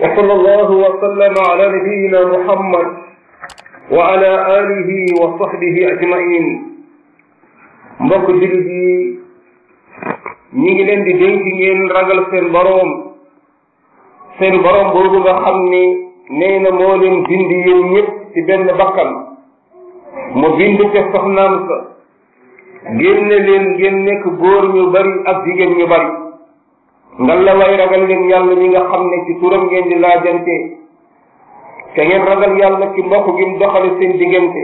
وصلى الله وسلم على نبينا محمد وعلى آله وصحبه أجمعين mbokk jullit yi ñi ngi leen di dénk ngeen ragal seen boroom seen boroom boobu nga xam ni nee na moo leen bind yéen ñëpp ci benn bakkan mu bind te soxnaam sa génne leen ngeen nekk góor ñu bari ak jigéen ñu bari ngal la way ragal leen yàlla ñi nga xam ne ci turam di laajante te ngeen ragal yàlla ci mbokk gi mu doxale seen diggante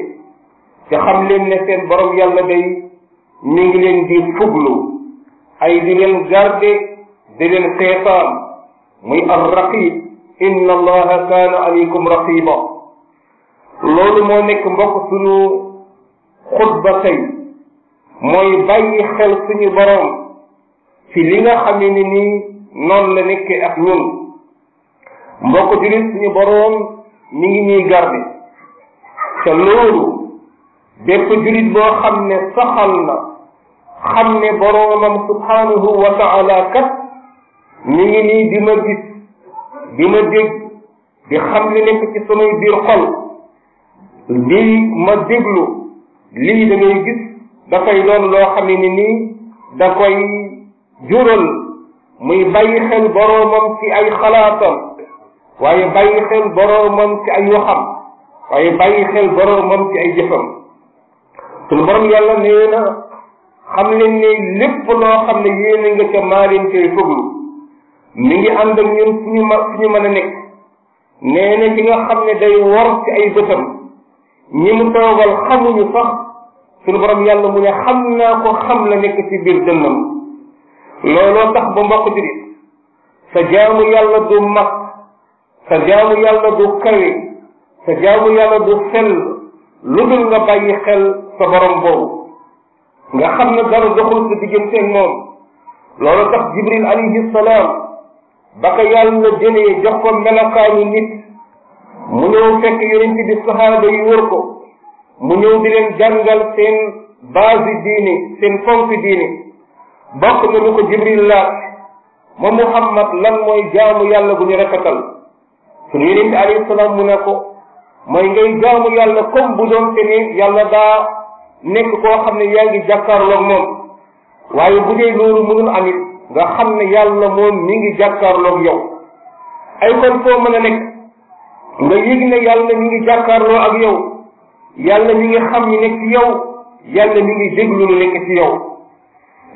te xam leen ne seen borom yàlla day mi ngi leen di fuglu ay di leen garde di leen seetaan muy arraqib inna allaha kaana aleykum raqiba loolu moo nekk mbokk suñu xutba tey mooy xel suñu borom ci li nga xam ne nii noonu la nekkee ak ñun mbokk julit suñu boroom mi ngi ñuy garde te loolu bépp julit boo xam ne saxal na xam ne boroomam subhanahu wa taala kat mi ngi nii di ma gis di ma dégg di xam li nekk ci samay biir xol lii ma déglu lii da ngay gis dafay doon loo xam nii da koy mu muy bàyyi xel boroomam ci ay xalaatam waaye bàyyi xel boroomam ci ay waxam waaye bàyyi xel boroomam ci ay jëfam suñu borom yàlla nee na xam leen ne lépp loo xam ne yéene ca maa leen cay foglu mi ngi ànd ak ñun fu ñu ma fu ñu mën a nga xam ne day wor ci bëtam ñi mu mu ne xam naa ko xam la nekk ci biir dënnam looloo tax ba mbokk sa jaamu yàlla du mag sa jaamu yàlla du kawe sa jaamu yàlla du fel lu dul nga bàyyi xel sa borom boobu nga xam ne dara doxul sa digganteeg moom loolu tax jibril alayhi salaam ba ko yàlla jëlee jox ko melokaanu nit mu ñëw fekk yonent bi sahaaba yi wër ko mu ñëw di leen seen base diine seen fonk diine mbokk ma lu ko jibril laaj ma muhammad lan mooy jaamu yàlla bu ñu rafetal suñu yeneen bi alayhi salaam ko mooy ngay jaamu yàlla comme bu te ni yàlla daa nekk koo xam ne yaa ngi jàkkaarloog moom waaye bu dee loolu amit nga xam ne yàlla moom mi ngi jàkkaarloog yow ay kon foo mën nekk nga yëg ne yàlla mi ngi jàkkaarloo ak yow yàlla mi ngi xam ñi nekk ci yow yàlla mi ngi nekk ci yow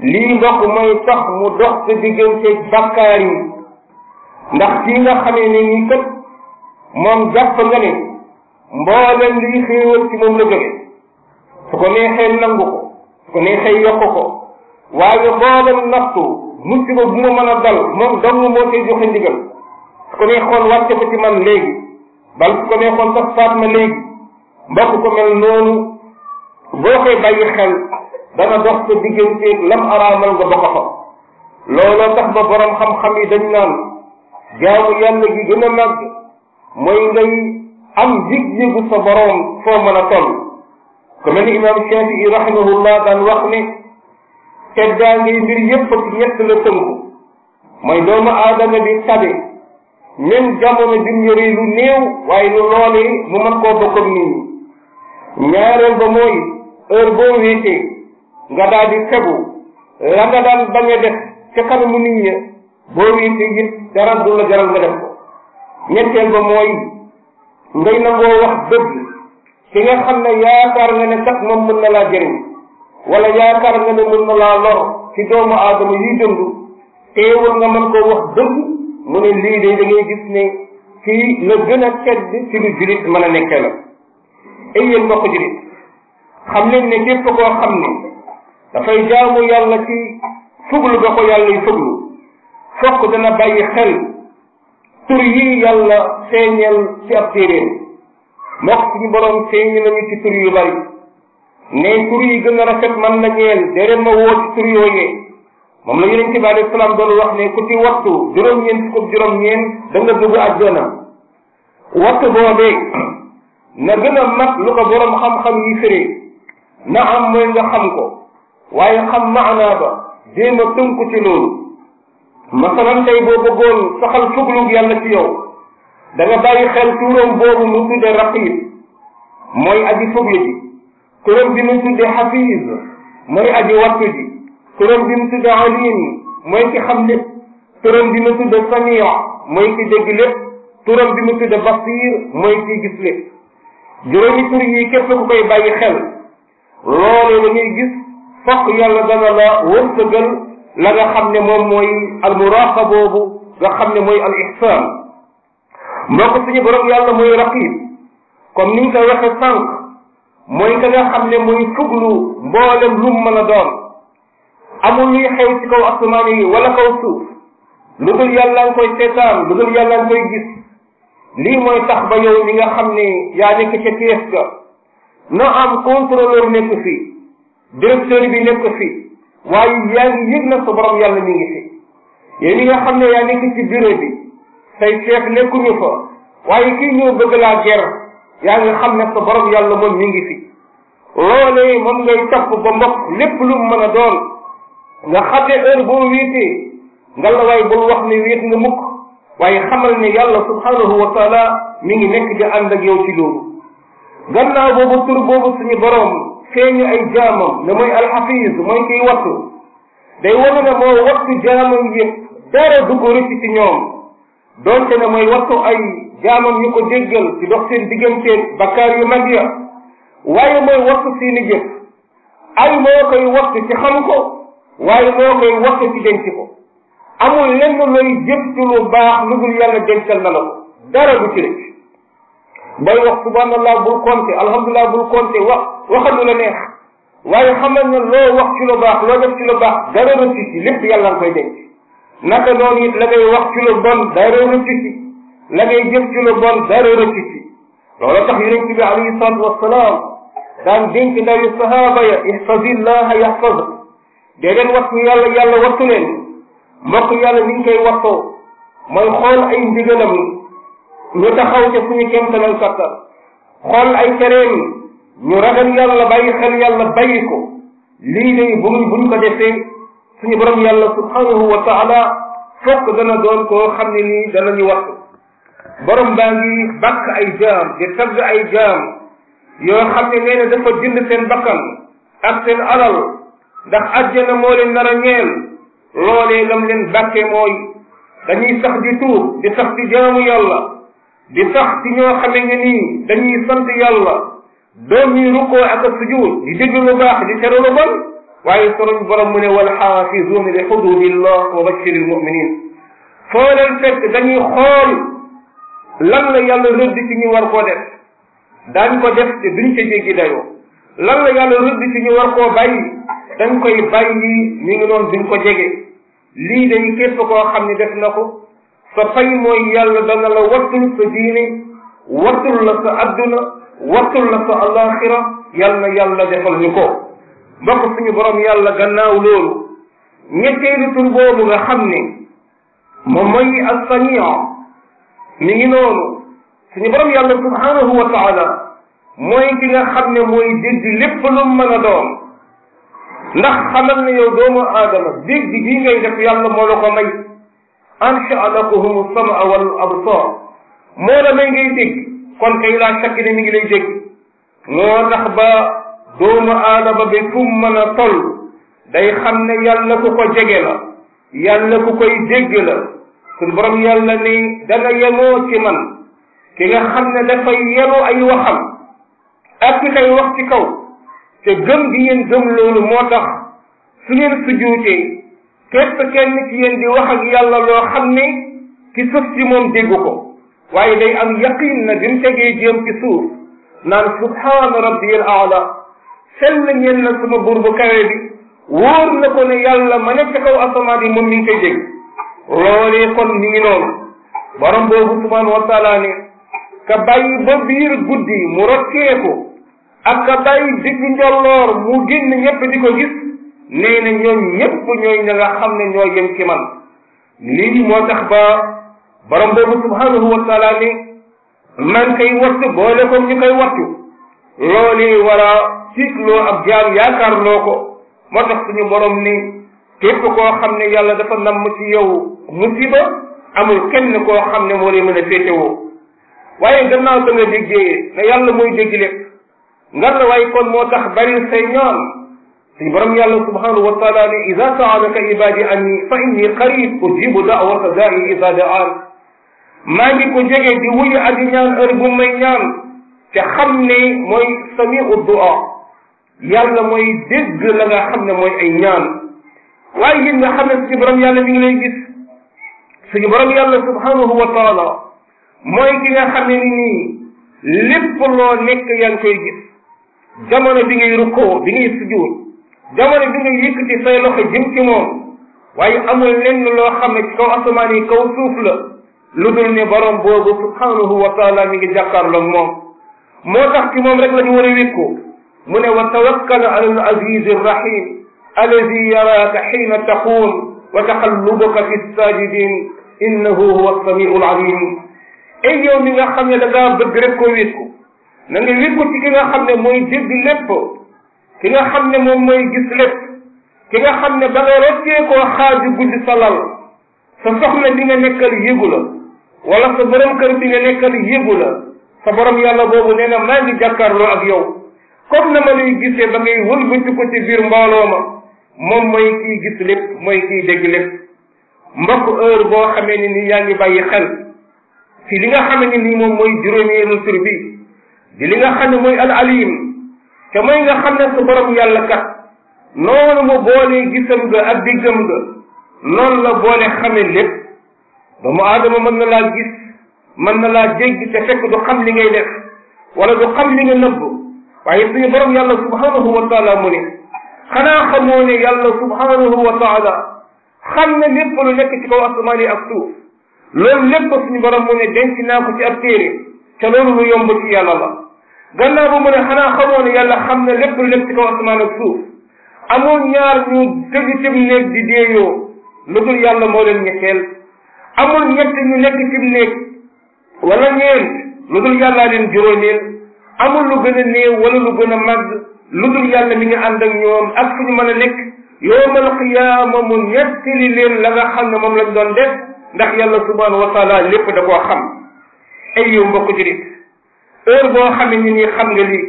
lii ndox mooy tax mu dox sa digganteeg bakkaar yi ndax kii nga xamee ne nii kat moom jàpp nga ne mboolem liy xéewal ci moom la jóge su ko neexee nangu ko su ko neexee yokk ko waaye mboolem nattu mucc ko bu ma mën a dal moom dong moo koy joxe ndigal su ko neexoon wàcce ko ci man léegi bal su ko neexoon sax faat ma léegi mbokk ko mel noonu boo koy bàyyi xel dana dox sa digganteeg lam araamal nga dox fa looloo tax ba borom xam-xam yi dañ naan jaamu yàlla gi gën a màgg mooy ngay am yëg-yëgu sa borom foo mën a toll ku mel ni imam Shafii rahimahullah daan wax ne teddaa ngay mbir yépp ak ñett la bi tabe même jamono bi mu yore lu néew waaye lu loolee mu mën koo bokk ak nit ñi mooy heure boo wéetee nga daal di fegu la a def ca kanamu nit ña boo wéete it dara la jaral nga def ko ñetteel ba ngay nangoo wax dëgg ki nga xam ne yaakaar nga ne sax moom mën na laa jëriñ wala yaakaar nga ne mën na laa lor ci doomu aadama yi dund teewul nga mën koo wax dëgg mu ne lii day da gis ne fii la gën a tedd ci lu julit mën a nekkee la ay yéen xam leen ne képp koo xam ne dafay jaamu yàlla ci fuglu ga ko yàlla yi fuglu fokk dana bàyyi xel tur yi yàlla feeñeel ci ab téeréem mook suñu borom feeñ nañu ci tur yu bari ne tur yi gën a rafet man la ñeel dere ma woo ci tur yooyee moom la yonent bi alayhi salaam doon wax ne ku ci wattu juróom-ñeent fukk juróom-ñeent da nga dugg àjjana wattu boobee na gën a mat lu borom xam-xam yi na am mooy nga xam ko waaye xam maanaa ba jéem a tënku ci loolu masalan tey boo ci yow da nga bàyyi xel turam boobu mu tuddee mooy aji fuglu ji turam bi mu mooy aji wattu ji turam bi mu tuddee alim mooy ki xam lépp turam bi mu tuddee samia mooy ki dégg lépp turam bi mu tuddee basir mooy ki gis lépp juróomi tur yi képp ku koy bàyyi xel loolu la ngay gis fokk yàlla dana la wërsëgal la nga xam ne moom mooy al muraaqa boobu nga xam ne mooy al ihsaan mbokk suñu borom yàlla mooy raqib comme ni nga koy waxe sànq mooy ka nga xam ne muy fuglu mboolem lum mën a doon amul luy xew ci kaw asamaan yi wala kaw suuf lu dul yàlla nga koy seetaan lu dul yàlla nga koy mooy tax ba yow nga xam ne yaa nekk ca kees ga na am contrôleur nekk fii directeur bi nekk fi waaye yaa ngi yëg nag sa borom yàlla mi ngi fi yéen ñi nga xam ne yaa nekk ci bureau bi say chef nekkuñu fa waaye kii ñëw bëgg laa ger yaa ngi xam ne sa borom yàlla moom mi ngi fi loolee moom ngay topp ba mbokk lépp lu mën a doon nga xam ne heure boo wéetee nga la waay bul wax ne wéet nga mukk waaye xamal ne yàlla subhanahu wa taala mi ngi nekk di ànd ak yow ci loolu gannaaw boobu tur boobu suñu borom. feeñu ay jaamam ne mooy alxafiis mooy kiy wattu day wane ne mooy wattu jaamam yëpp dara du ko rëcc ci ñoom doonte ne mooy wattu ay jaamam ñu ko jéggal ci dox seen digganteeg bakkaar yu mag ya waaye mooy wattu seeni jëf ay moo koy wattu ci xam ko waaye moo koy wattu ci denc ko amul lenn looy jëf ci lu baax lu dul yàlla dencal na la ko dara du ci rëcc bay wax subhanallah bul konté alhamdullah bul konté wax waxal lu la neex waaye xamal na lo wax ci lu baax lo def ci lu baax dara na ci lépp yàlla ngoy def naka noonu nit la ngay wax ci lu bon dara na ci la ngay def ci lu bon dara na ci loolu tax ci bi ali sallallahu alayhi wasallam dan din ci ndawi sahaba ya ihfazillah yahfaz degen wax ni yàlla yàlla wattu len mbokk yàlla ni ngi koy waxo moy xol ay ndigalam ñu taxaw ca suñu kéemtalal kattan xool ay tereem ñu ragal yàlla bàyyi xel yàlla bàyyi ko lii day bu buñ ko defee suñu borom yàlla subhanahu wa taala fokk dana doon koo xam ne nii dana ñu wax borom baa ngi bàkk ay jaam di tagg ay jaam yoo xam ne nee na dafa jënd seen bakkan ak seen alal ndax àjjana moo leen nar a ñeel loolee lam leen bàkke mooy dañuy sax di tuub di sax di jaamu yàlla di tax ci ñoo xame nga nii dañuy sant yàlla doom yi rukkoo ak a sujud di déglu lu baax di tere lu bon waaye soroñ borom mu ne wal xaafizuuna li xududillah wa bashiri lmuminin foo leen fekk dañuy xool lan la yàlla rëdd ci ñu war def daañ ko def te duñ ca jéggi dayoo lan la yàlla rëdd ci ñu war koo bàyyi dañ koy bàyyi mi ngi noonu duñ ko jege li dañ képp ko xam ne def na ko sa fay mooy yàlla dana la wattul sa diine wattul la sa adduna wattul la sa alaxira yàlla na yàlla defal ñu ko mbokk suñu borom yàlla gannaaw loolu ñetteelu tur boobu nga xam ne moom mooy mi ngi noonu suñu borom yàlla subhanahu wa taala mooy lépp lu mën a doon ndax xamal ne doomu aadama dégg bii ngay def yàlla moo la ko may ansha lahum sama wal absar moo la may ngay dégg kon kay laa sakk ne mi ngi lay dégg moo tax ba doomu aadama bi fu mën a toll day xam ne yàlla ku ko jege la yàlla ku koy dégg la suñu borom yàlla ni dana yemoo ci man ki nga xam ne dafay yenoo ay waxam ak ki koy wax ci kaw te gëm gi ngeen gëm loolu moo tax su ngeen sujuutee képp kenn ci yéen di wax ak yàlla loo xam ni ki suuf si moom dégg ko waaye day am yaqin na bi mu tegee jéem suuf naan subhaana rabbiyal aala sell ñeen na suma buur bu kawe bi wóor na ko ne yàlla ma nekk kaw asamaan yi moom mi ngi koy dégg loolee kon mi ngi noonu borom boobu subhaanahu wa taala ne ka bàyyi ba biir guddi mu rocceeku ak ka bàyyi digg mu génn ñépp di ko gis nee na ñoom ñépp ñooy na nga xam ne ñoo yem ci man lii moo tax ba borom boobu subhanahu wa taala ni man kay wattu boole ko ñu koy wattu loolu wala siitloo ab jaam yaakaar loo ko moo tax suñu borom ni képp koo xam ne yàlla dafa namm ci yow musiba amul kenn koo xam ne moo lay mën a féetewoo waaye gannaaw da nga déggee ne yàlla mooy dégg lépp ngar la waaye kon moo tax bari say ñoon سي برام يالله سبحانه وتعالى اذا سالك عبادي عني فاني قريب اجيب دعوه داع اذا دعان ما نجي كو جيغي دي وي ادي نيان اور بو ماي نيان تي خامني موي سميع الدعاء يالله موي دغ لاغا خامني موي اي نيان واي جي نغا خامني سي برام يالله مي نلاي غيس سي برام يالله سبحانه وتعالى موي كيغا خامني ني لپ لو نيك يان كوي غيس جامونو بي ني ركو بي ني jamono bi ngay yëkkati say loxo jëm ci moom waaye amul lenn loo xam ne ci kaw asamaan yi kaw suuf la lu dul ne borom boobu subhanahu wa taala mi ngi jàkkaarloog moom moo tax ci moom rek la ñu war a wékku mu ne wa tawakkal ala al aziz arrahim alladi yaraaka xiina taquum wa taxallubuka fi sajidin innahu huwa alsamiu alalim ay yow mi nga xam ne da ngaa bëgg rek koo wékku na nga wékku ci ki nga xam ne mooy dégg lépp ki nga xam ne moom mooy gis ki nga xam ne ba nga rokkee koo xaaju guddi sa sa soxna bi nga nekkal yëgu la wala sa borom kër bi nga nekkal yëgu la sa borom yàlla boobu nee na maa ngi jàkkaarloo ak yow comme na ma lay gisee ba ngay wëlbati ko ci biir mbooloo ma moom mooy kiy gis mooy kiy dégg lépp mbokk heure boo xamee ni yaa ngi bàyyi xel ci li nga xamee ni nii moom mooy juróomeelu tur bi di li nga xam ne mooy al alim te mooy nga xam ne su borom yàlla kat noonu mu boole gisam ga ak diggam ga noonu la boole xame lépp doomu aadama mën na laa gis mën na laa jéggi te fekk du xam li ngay def wala du xam li nga nëbb waaye suñu borom yàlla subhanahu wa taala mu ne xanaa xamoo ne yàlla subhanahu wa taala xam ne lépp lu nekk ci kaw asamaan yi ak suuf loolu lépp suñu borom mu ne denc naa ko ci ab téere te loolu lu yomb ci yàlla la gannaaw ba mu ne xanaa xamoon yàlla xam ne lépp lu nekk ci kaw asamaan ak suuf amoon ñaar ñu dëgg cib néeg di deeyoo lu dul yàlla moo leen ñetteel amul ñett ñu nekk cib néeg lu dul yàllaa leen juróomeel amul lu gën a néew wala lu gën a lu dul yàlla mi ngi ànd ak ñoom ak fu ñu mën a nekk yowmal qiyaama mu ñettali leen la xam ne moom lañ doon def ndax yàlla subhanahu wa taala lépp da koo xam ay yow mbokk jurit heure boo xam xam nga lii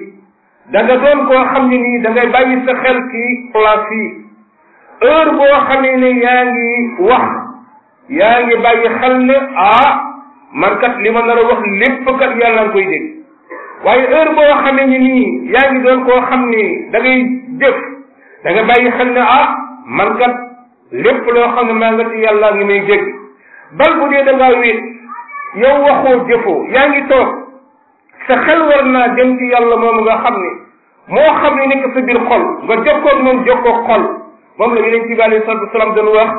da nga doon koo xam ne nii da ngay bàyyi sa xel ci place yi heure boo xam yaa ngi wax yaa ngi bàyyi xel ne ah man kat li ma nar a wax lépp kat yàlla nga koy dégg waaye heure boo xam ne nii yaa ngi doon koo xam ni da ngay jëf da nga bàyyi xel ne ah man kat lépp loo xam ne maa nga ci yàlla ngi may jégg bal bu dee da ngaa wéet yow waxoo jëfoo yaa ngi toog sa xel war naa jëm ci yàlla moomu nga xam ni moo xam li nekk sa biir xol nga jokkoog moom jokkoo xol moom la yeneen ci bi alayhi salatu wasalaam doon wax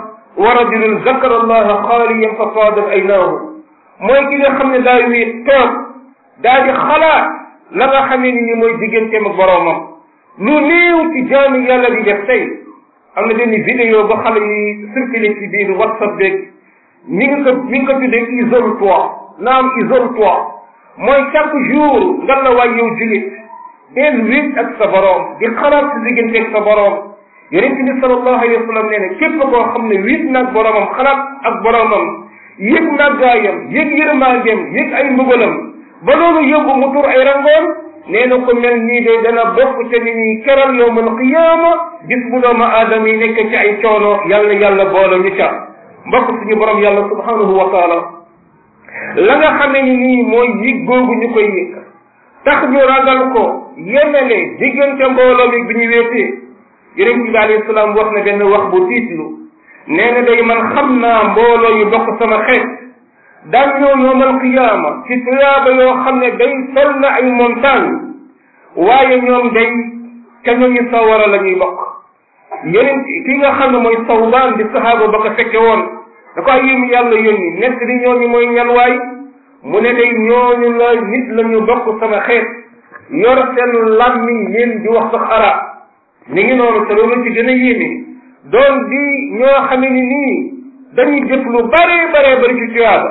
wa rajulun zakara allaha xaaliyan fa faadat aynaahu mooy ki nga xam ne daa wii toog daa di xalaat la nga xamee ni ni mooy digganteem ak boroomam lu néew ci jaami yàlla di def tey am na benn vidéo ba xale yi circulé ci biir whatsapp beeg mi ngi ko mi ngi ko tuddee isole toi naam isole toi mooy chaque jour nga la waay yow julit del wéet ak sa boroom di xalaat sa diggante ak sa boroom yonent bi sallallahu alayhi wa sallam nee na képp koo xam ne wéet naag boroomam xalaat ak boroomam yëg màggaayam yëg yërmaandeem yëg ay mbugalam ba loolu yóbbu mu tur ay rangoon nee na ko mel nii de dana bokk ca nit ñi keral a qiyaama bis bu doomu aadama yi nekk ci ay coono yàlla yàlla boole ñu ca mbokk suñu boroom yàlla subhanahu wa taala la nga xamee ni moy yig yëg ñukoy yik tax ñu ragal ko yemele digënté mbolo mi biñu wété wéetee yonent bi salam wax na ben wax bu tiitlu nee day man xamna mbolo yu dox sama xeet dal ñoo yoomal qiyaama ci tiyaba yo xamné day sol na ay montagne waye ñoom day ka ñu ñu sawara lañuy bok bokk ki nga xamné moy sawban sawbaan di sahaaba ba ko fekke won da ko ay yéen yàlla yónni di ñooñu mooy ñan waay mu ne day ñooñu la nit la ñu bokk sama yor seen làmmiñ yéen di wax sax arab ni ngi noonu te loolu ci gën a yéeme doon di ñoo xame ni nii dañuy jëf lu bare bare bari ci tuyaaba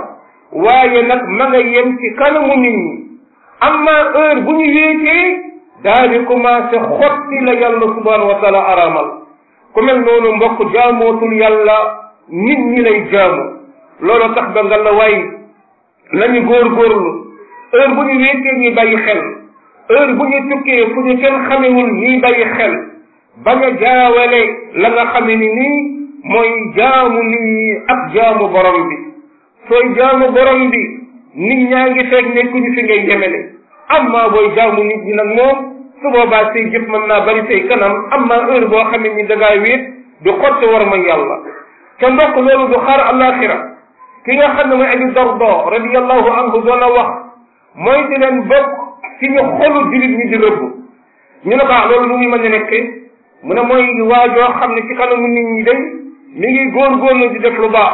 waaye nag ma nga ci kanamu nit ñi amma heure bu ñu wéetee daal di commencé xotti la yàlla subhanahu wa taala ku mel noonu mbokk jaamootul yàlla nit ñi lay jaamu loolu tax ba nga la waay nañu góorgóorlu bu ñu wéetee ñuy bàyyi xel heure bu ñu tukkee fu ñu kenn xamewul ñuy bàyyi xel bañ a jaawale la nga xame ni nii mooy jaamu nit ak jaamu borom bi sooy jaamu borom bi nit ñaa ngi fekk nekkuñu fi ngay yemele amma booy jaamu nit ñi nag moom su boobaa say jëf mën naa bari say kanam amma heure boo xamee ni dangaa wéet di xotti war ma yàlla te mbokk loolu du xaar alaxira ki nga xam ne mooy abi dardo radiallahu anhu doon a wax mooy di leen bokk ci ñu xolu jullit ñi di rëbb ñu ne baax ah, loolu lu muy mën a nekk mu ne mooy waajoo xam ne ci kanamu nit ñi day mi ngi góorgóorlu di def lu baax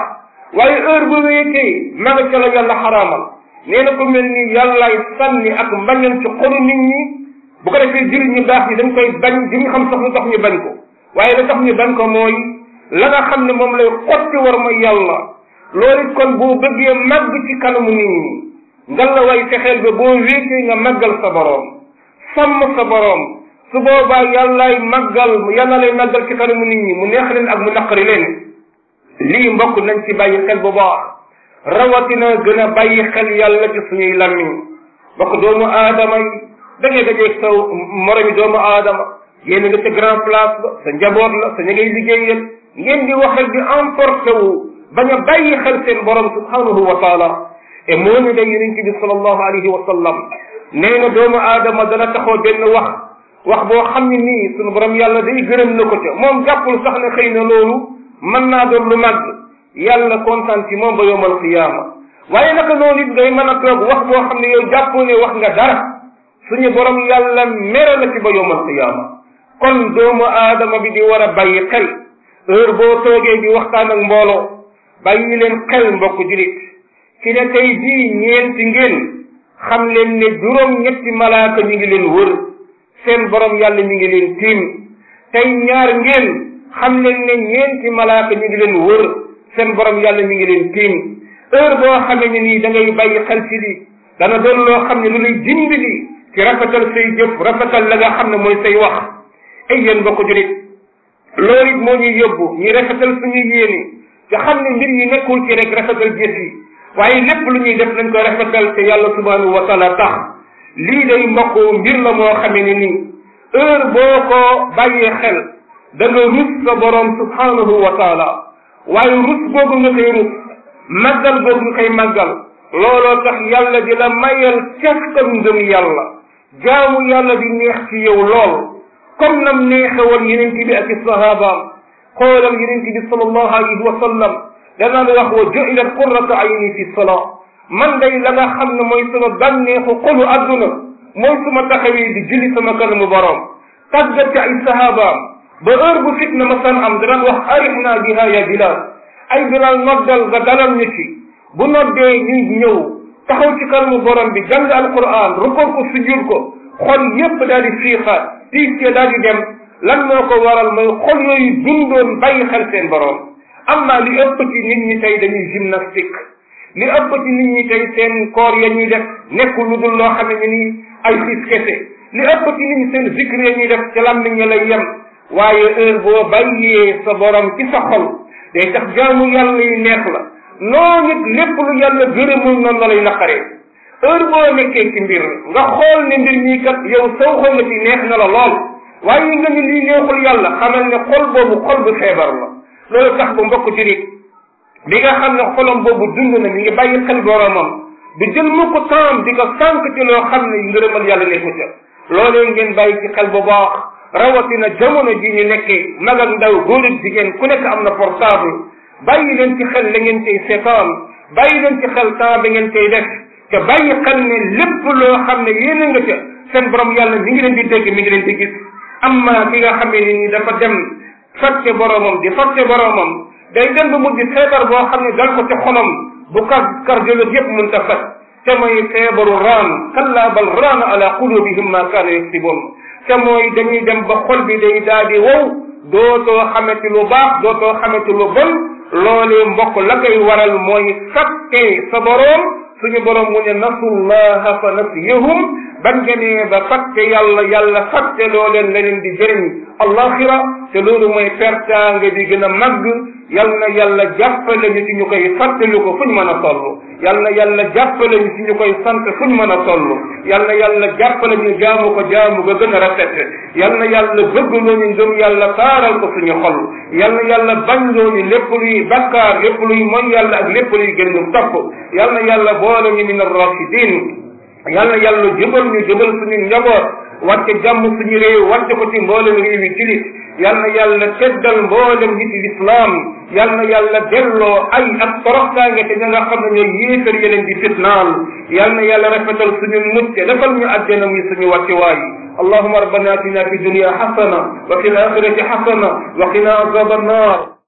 waaye heure bu wéetee ma nga ca la yàlla xaraamal nee na ko mel ni yàllaay sànni ak mbañam ci xolu nit ñi bu ko defee jullit ñu baax ñi dañ koy bañ di ñu xam sax lu tax ñu bañ ko waaye la tax ñu bañ ko mooy la nga xam ne moom lay xotti war ma yàlla loolu kon boo bëggee màgg ci kanamu nit ñi nga la way fexeel ba boo wéetee nga màggal sa boroom sàmm sa boroom su boobaa yàllaay màggal yàlla lay màggal ci kanamu nit ñi mu neex leen ak mu naqari leen lii mbokk nañ ci bàyyi xel bu baax rawatina gën a bàyyi xel yàlla ci suñuy làmmiñ mbokk doomu aadama yi da ngay dajeeg sa moromi doomu aadama yéen nga ca grand place ba sa njaboot la sa ña ngay liggéeyal ngeen di waxal di enforcé wu bañ a bàyyi xel seen borom subhanahu wa taala e moo ñu de yonent bi salallahu alayhi wa sallam nee na doomu aadama dana taxoo benn wax wax boo xam ne nii sunu borom yàlla day gërëm na ko ca moom jàppul sax ne xëy na loolu mën naa doon lu màgg yàlla kontaan ci moom ba yomal qiyaama waaye naka noonu it ngay mën a toog wax boo xam ne yow jàppoo ne wax nga dara suñu borom yàlla mere la ci ba yomal qiyaama kon doomu aadama bi di war a bàyyi xel heure boo toogee di waxtaan ak mbooloo bàyyi leen xel mbokk jullit ci ne tey jii ñeenti ngeen xam leen ne juróom ñetti malaaka ñu ngi leen wër seen borom yàlla ñu ngi leen tiim ñaar ngeen xam leen ne ñeenti malaaka ñu ngi leen wër seen borom yàlla ñu ngi leen tiim heure boo xamee ne nii da ngay bàyyi xel ci li dana doon loo xam ne lu bi dimbali ci rafetal say jëf rafetal la nga xam ne mooy say wax ay yéen mbokk loolu it moo ñuy yóbbu ñu rafetal suñu yéene te xam ne mbir yi nekkul ci rek rafetal jëf yi waaye lu ñuy def nañ ko rafetal te yàlla subhanahu wa taala tax lii day mbokk mbir la moo xamee ne nii heure boo ko rus sa borom subhanahu wa taala waaye rus googu nga koy rus màggal googu nga koy tax yàlla di la mayal cef kam ngëm yàlla jaamu yàlla di neex ci yow lool كم نم نيخ والينين كي بأك الصهابة قول الينين كي الله عليه وسلم لنا نرخ وجعل القرة عيني في الصلاة من دي لنا خم ميسما بن نيخ قل أدنا ميسما تخوي دي جلي سما كان مبارم تجدت عي الصهابة مثلا عم دران وحارفنا بها يا بلاد أي بلال مبدل غدالم نتي بنا دي نيو تخوتي كان مبارم بجنة القرآن ركوكو سجوركو xol yépp daal di fiixaat tiit ya daal dem lan moo ko waral mooy xol yooyu dundoon bàyyi xel seen boroom am naa li ëpp ci nit ñi tey dañuy gymnastique li ëpp ci nit ñi tey seen koor ya ñuy def nekkul lu dul loo xam ne ni ay xiis kese li ëpp ci nit seen zikr ya ñuy def ci làmmiñ ya lay yem waaye heure boo bàyyee sa borom ki sa xol day tax jaamu yàlla yu neex la noo nit lépp lu yàlla gërëmul noonu la lay naqaree heure boo nekkee ci mbir nga xool ne mbir mii kat yow saw xol na ci neex na la lool waaye nga ni lii neexul yàlla xamal ne xol boobu xol bu feebar la loolu tax ba mbokk jurit bi ga xam ne xolam boobu dund na mi ngi bàyyi xel boromam di jël mu ko temps di ko sànq ci loo xam ne ngërëmal yàlla nekku ca loolee ngeen bàyyi ci xel bu baax rawatina jamono ji ñu nekkee mag ak ndaw góor ak jigéen ku nekk am na portable bàyyi leen ci xel la ngeen cay seetaan bàyyi leen ci xel temps bi ngeen cay te bàyyi xam ne lépp loo xam ne yéene nga ca seen borom yàlla mi ngi leen di dégg mi ngi leen di gis amma ki nga xam ne ni dafa dem fàtte boromam di fàtte boromam day dem ba mujj feebar boo xam ne dal ko ci xolam bu kar cardiologue yëpp mën ta faj te mooy feebaru raan kallaa bal raana ala qulubihim ma kaanu yaksiboon te mooy dañuy dem ba xol bi day daal di wow dootoo xamante lu baax dootoo xamante lu bon loolee mbokk la koy waral mooy fàtte sa boroom suñu borom mu ne nasullaha fa nasiyahum ban nga nee ba fàtte yàlla yàlla fàtte loo leen leneen di jëriñ allaxira te loolu mooy pertaange bi gën a màgg yal na yàlla jàppale ñu ci ñu koy fàttali ko fu ñu mën a toll na yàlla jàppale ñu ci ñu koy sant fu ñu mën a toll yal na yàlla jàppale ñu jaamu ko jaamu ko gën a rafet na yàlla bëgg loo ñu yàlla taaral ko suñu xol yal na yàlla bañ loo ñu lépp luy bakkaar lépp luy mooy yàlla ak lépp luy gën ñu topp yal na yàlla boole ñu min yàlla yàlla jëbal ñu jëbal suñu njaboot wàcce jàmm suñu rew wàcce ko ci mbolam rew yi tilit yàlla yàlla teddal mbolam nit islam yàlla yàlla dello ay ak toroxtaange te nga xam ne ñooy yéefar yeneen di fitnal yàlla yàlla rafetal suñu mucce defal ñu addena muy suñu wacce way اللهم ربنا اتنا في الدنيا حسنه وفي الاخره حسنه وقنا عذاب النار